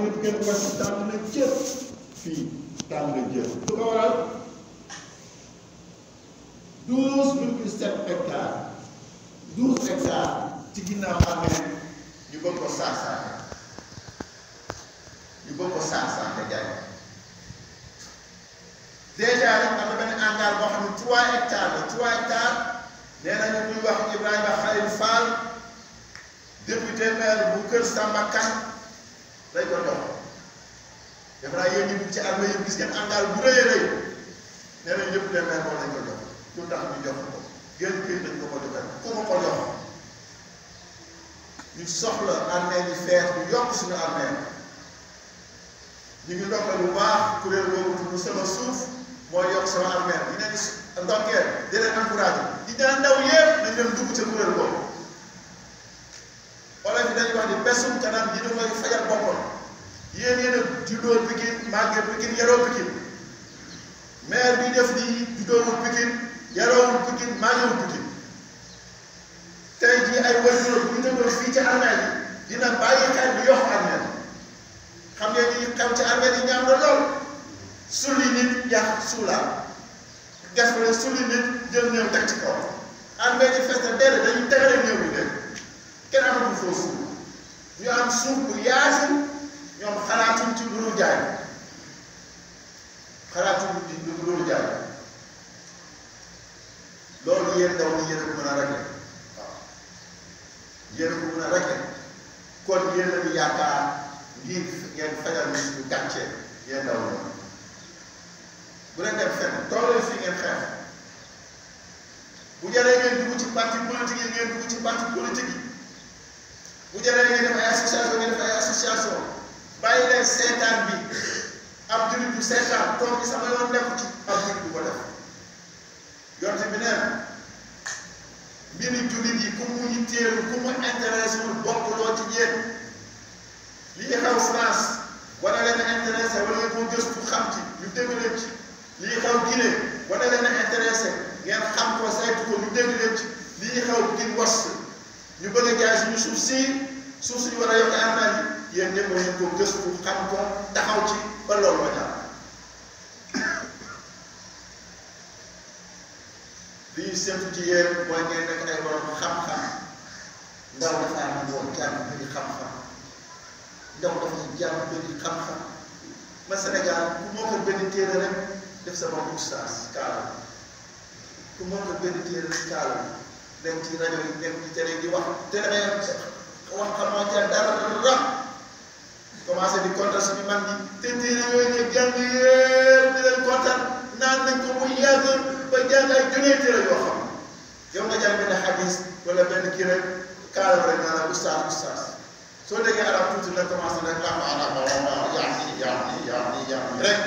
ngeen ngeen wàcc tàng na jër fii tàng na jër lu ko waral douze virgule sept hectares douze hectares ci ginnaaw amee ñu bëgg ko saasaaxe ñu bëgg ko saasaaxe jaay dèjà rek am na benn engrais boo xam ne trois hectares la trois hectares nee nañu muy wax bu Kër Samba Kane day ko jox def naa yéen ñi ci armée yëpp gis ngeen àndaal bu rëy rëy nee yëpp les maires moom lañ ko jox lu tax ñu jox ko gën kii dañ ko ko joxe ku ma ko jox ñu soxla armée yi fees ñu yokk ñu ndokkee bu baax kuréel yi neen ndokkee di dañ leen dugg ca kuréel boobu wala fi dañ wax ni besum kanam yi dafay fajal boppam yéen yéen a juddoo Pikine màggee Pikine yaroo Pikine maire bi def lii juddoowul Pikine yaroowul Pikine màggewul Pikine tey jii ay wajuróom bu ñu nekkoon fii ci armée bi dina bàyyi xel bi yokk armée xam ngeen ni xew ci armée yi ñaaw na lool sulli nit yàq suulaam def la sulli nit jël néew teg ci kaw armée yi fes na dell dañuy tegale néew bi de kenn amatul foofu ñu am suuf bu yaatu. jàng xalaatu nit ñi ko doon loolu yéen ndaw ñi yéen a bu mën a régler waaw yéen a ko mën a régler kon yéen lañu yaakaar ngir ngeen fajal ñu suñu gàcce yéen ndaw ñi bu leen dem fenn toolee fi ngeen xeex bu jaree ngeen bu jaree ngeen def association ngeen def association bàyyi leen seetaan bi ab jullit bu seetaan comme sama yoon nekku ci ab jullit bu ko def yonte bi nee na mbiri jullit yi ku mu yitteelu ku mu intéressé wul bokkuloo ci yéen lii xew France wala leen intéressé wala ngeen ko gëstu xam ci ñu dégg leen ci lii xew Guinée wala leen intéressé ngeen xam ko saytu ko ñu dégg leen ci lii xew di was ñu bëgg a jaay suñu suuf si suuf suñu war a yokk àndal yi yéen ñëpp ngeen ko gëstu xam ko taxaw ci ba loolu ma jàpp li ñu ci yéen mooy ngeen nekk ay borom xam-xam ndaw dafa am boo jàng bëri xam-xam ndaw dafa jàng bëri xam-xam ma Sénégal ku moo ko benn téere rek def sa bopp oustaz kaala ku moo ko benn téere rek kaala nekk ci rajo yi nekk ci télé di wax te damay wax xam-xam moo ci dara commencé di kontaan suñu mag ñi te téere yooyu ñu jàng yëpp di leen naan nañ ko muy yàgg ba jàng ay junee téere rek kaaral rek maanaam oustaz soo déggee arab tuuti nag commencé nag làmb arab waaw yaa nii yaa nii yaa nii yaa rek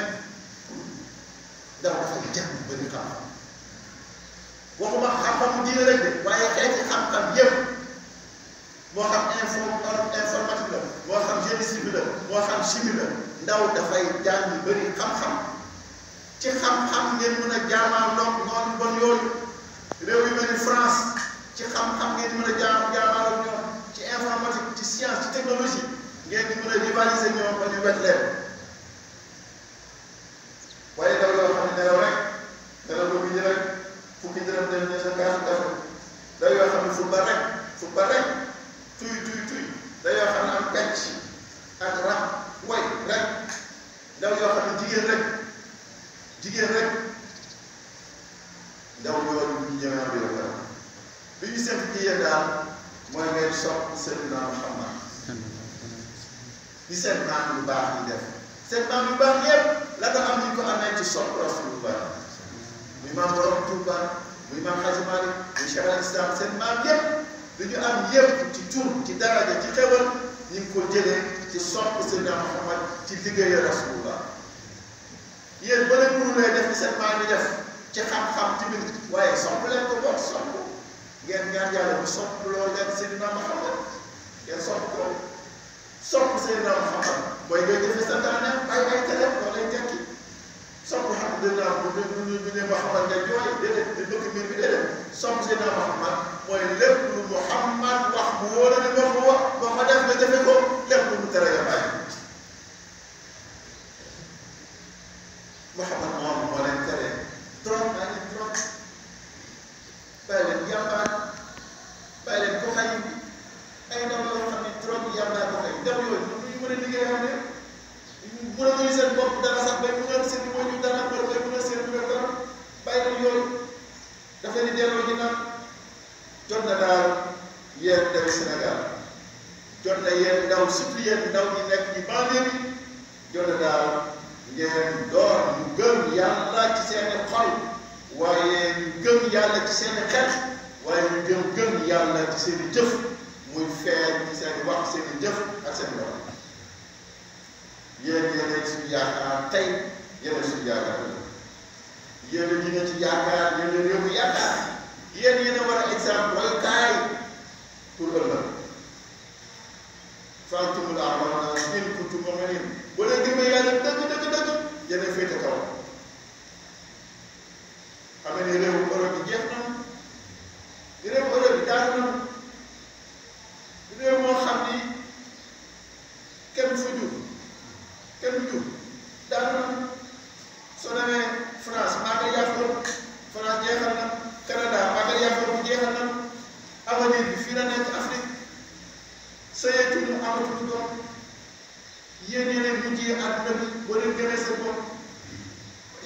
ba ñu de waaye xeeti xam-xam yëpp moo xam info informatique la moo xam génie bi la moo xam chimie la ndaw dafay jàng yu bëri xam-xam ci xam-xam ngeen mën a jaamaa ndox noonu bon yooyu réew yu mel ni France ci xam-xam ngeen mën a jaam jaamaa ñoom ci informatique ci science ci technologie ngeen di mën a rivaliser ñoom ba ñu wet jigéen rek jigéen rek ndaw ñooñu bu ñu ñëwee bi la bi ñu seet ci yéen daal mooy ngay sopp seen naa Muhammad di maam yu baax yi def seet maam yu baax yépp la nga am ñu ko amee ci sopp Rasulullah a maam borom Tuuba muy maam Xaji Maalik muy Cheikh al Islam maam yépp lu ñu am yépp ci tur ci daraja ci xewal ñu ngi ko jëlee ci sopp Seydina Muhammad ci liggéeyu Rasulullah yéen ba leen mënulee def seen maam yi def ci xam-xam ci biir waaye sopp leen ko boog sopp ngeen ñaan yàlla bu sopp loo leen Seydina Muhammad ngeen sopp ko sopp Seydina Muhammad mooy ngay defee sa daane bàyyi ay tere loolu lay tekki sopp alhamdulilah bu ñu bu ñu bu ñu Muhammad nga jooy déedéet di bëgg wax mu wax ba def nga jëfe ko lépp lu mu tere nga bàyyi yéen ndaw surtout yéen ndaw ñi nekk ñu banlieue bi jota daal ngeen door ñu gëm yàlla ci seen xol waaye ñu gëm yàlla ci seen xeet waaye ñu gëm yàlla ci seen i jëf muy feeñ ci seen wax seen i jëf ak seen doom yéen yéen suñu yaakaar tey yéen suñu yaakaar yéen a dina ci yaakaar yéen réew yaakaar yéen yéen a war a exemple royukaay pour ëllëg fartumul amal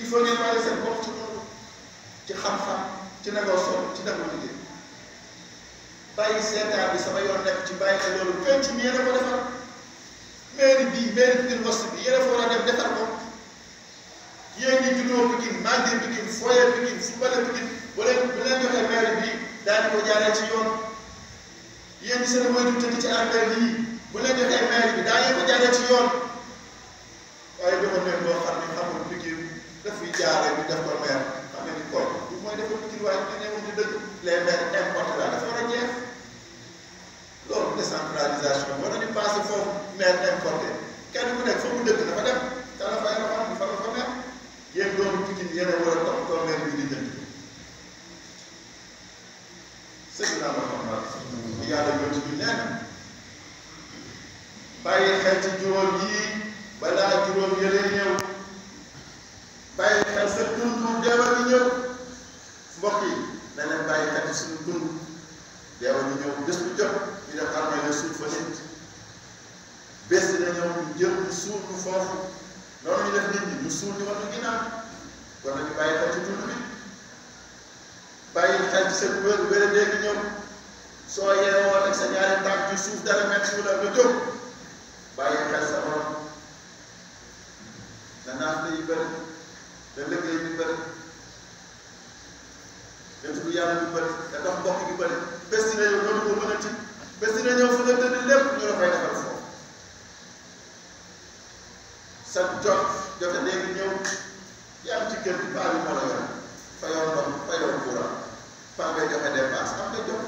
il faut ngeen bàyyi seen bopp ci loolu ci xam-xam ci nagaw sol ci nagaw liggéey bàyyi seetaan bi sama yoon nekk ci bàyyi te loolu penc mi yéen a ko defar mairie bi wës bi yéen a ko war a def defar ko yéen ñi juddoo Pikine màggee Pikine fooyee Pikine ko jaaree ci yoon yéen ñi seen moytu tëdd ci affaire yi bu leen joxee mairie bi daañu ko jaaree ci yoon. jaaree ñu def ko maire xam ne ni koñ mooy def ko waaye dañuy wax ni dëgg les maires importés la dafa war a jeex loolu décentralisation war nañu passé foofu maire importé kenn ku nekk fa mu dafa dem te la fay la fa la fa maire yéen doomu Pikine yéen a war a topp tool maire bi di jënd sëñ bi daal ma xam xel ci juróom yii deewa ñu ñëw bés bu jot ñu def armée la suuf fa nit bés dina ñëw ñu jël ñu suul ñu foofu noonu ñu def nit ñi ñu suul ñu wax ñu ginnaaw kon nañu bàyyi xel ci dund bi bàyyi xel ci seen wér wéra dégg ñëw soo yeewoon ak sa ñaari tànk ci dara metti wu la nga jóg bàyyi xel sa borom na naafte yi bëri da liggéey bi bëri da tudd yàlla bi bëri da dox mbokk gi bés dina ñëw dootu ko mën a ñëw fu nga tëdd lépp ñu la koy defal foofu sa jot jote léegi ñëw yi am ci kër gi paa bi moo la yor fayoo ndox fayoo courant paa ngay joxe dépense am nga jot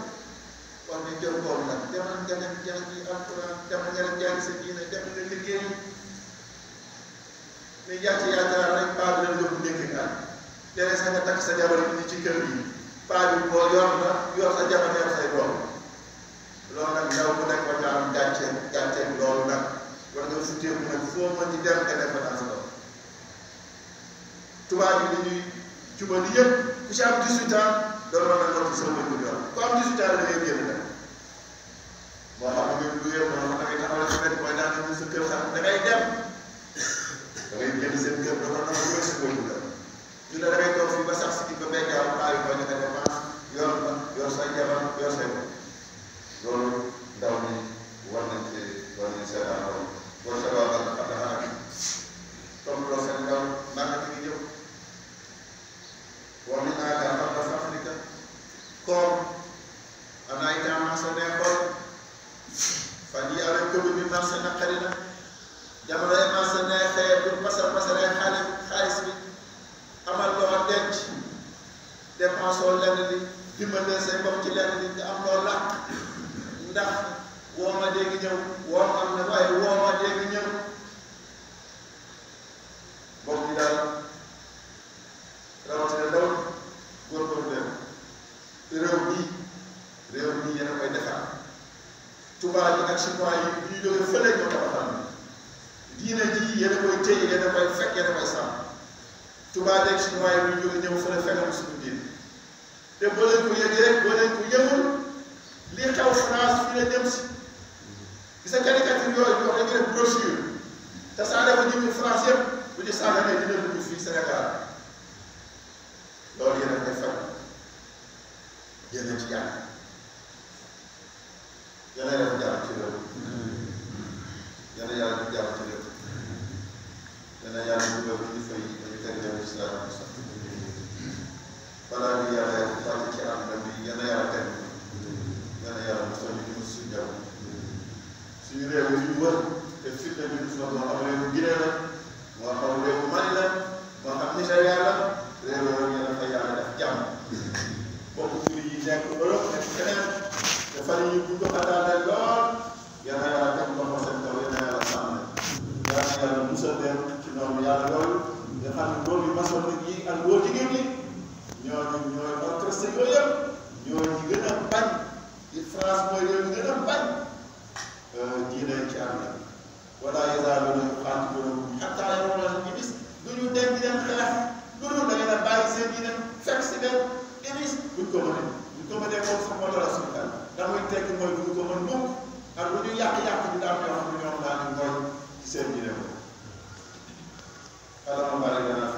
kon ni jël koom nag demal nga dem jàngi alquran demal nga dem jàngi sa diine demal nga liggéey ni yàcc yaakaar rek paa bi la yóbbu ndékki kan léeg-léeg sax nga takk sa jabar yi ci kër yi paa bi boo yor na yor sa jabar yor say doom loolu nag ndaw bu nekk ba nga am gàcce gàcce loolu nag war nga sutteeku nag foo mën di dem nga def sa doom tubaab yi dañuy jubali yëpp ku ci am 18 ans doon mën a lott soo ko jur yor ku am 18 ans da ngay génn nag moo xam ne bu yëpp moo xam da ngay taxawal sa benn mooy naan ñu sa kër sax da ngay dem da ngay génn seen kër da ko taxawal sa kër ñu ne da ngay toog fii ba sax si ba béykat yi commencé naqari na jamono yi commencé neexee bu pasar pasaree xaalis xaalis bi amal loo denc dépense oo lenn li dimbale say bopp ci lenn li nga am loo làkk ndax woo ma dégg ñëw woo am na waaye woo ma dégg ñëw bopp bi daal rawatina ndaw góorgóorlu leen réew bii réew bii yéen a koy defar tubaab yi ak chinois yi ñu jóge fële ñoo tabaxal diine ji yéen a koy téye yéen a koy fekk yéen a koy sàmm tubaab yeeg chinois yi ñu jóge ñëw fële fekkal suñu diine te boo leen ko yëgee rek boo leen ko yëgul li xew France fii la dem si gis nga caricature yooyu ñu wax dañu def brochure te saa dafa jëm France yëpp bu ñu saa demee dina dugg fii Sénégal loolu yéen a koy fekk yéen a ci jàng yéen a def jàng ci loolu. yàlla di a ci lépp dana yàlla dugal ñu fay dañu teg di leen xelal loolu da ngeen a bàyyi seen yi dem fekk si leen iblis buñ ko mënee buñ ko mënee mooy buñ ne mooy ci seen yi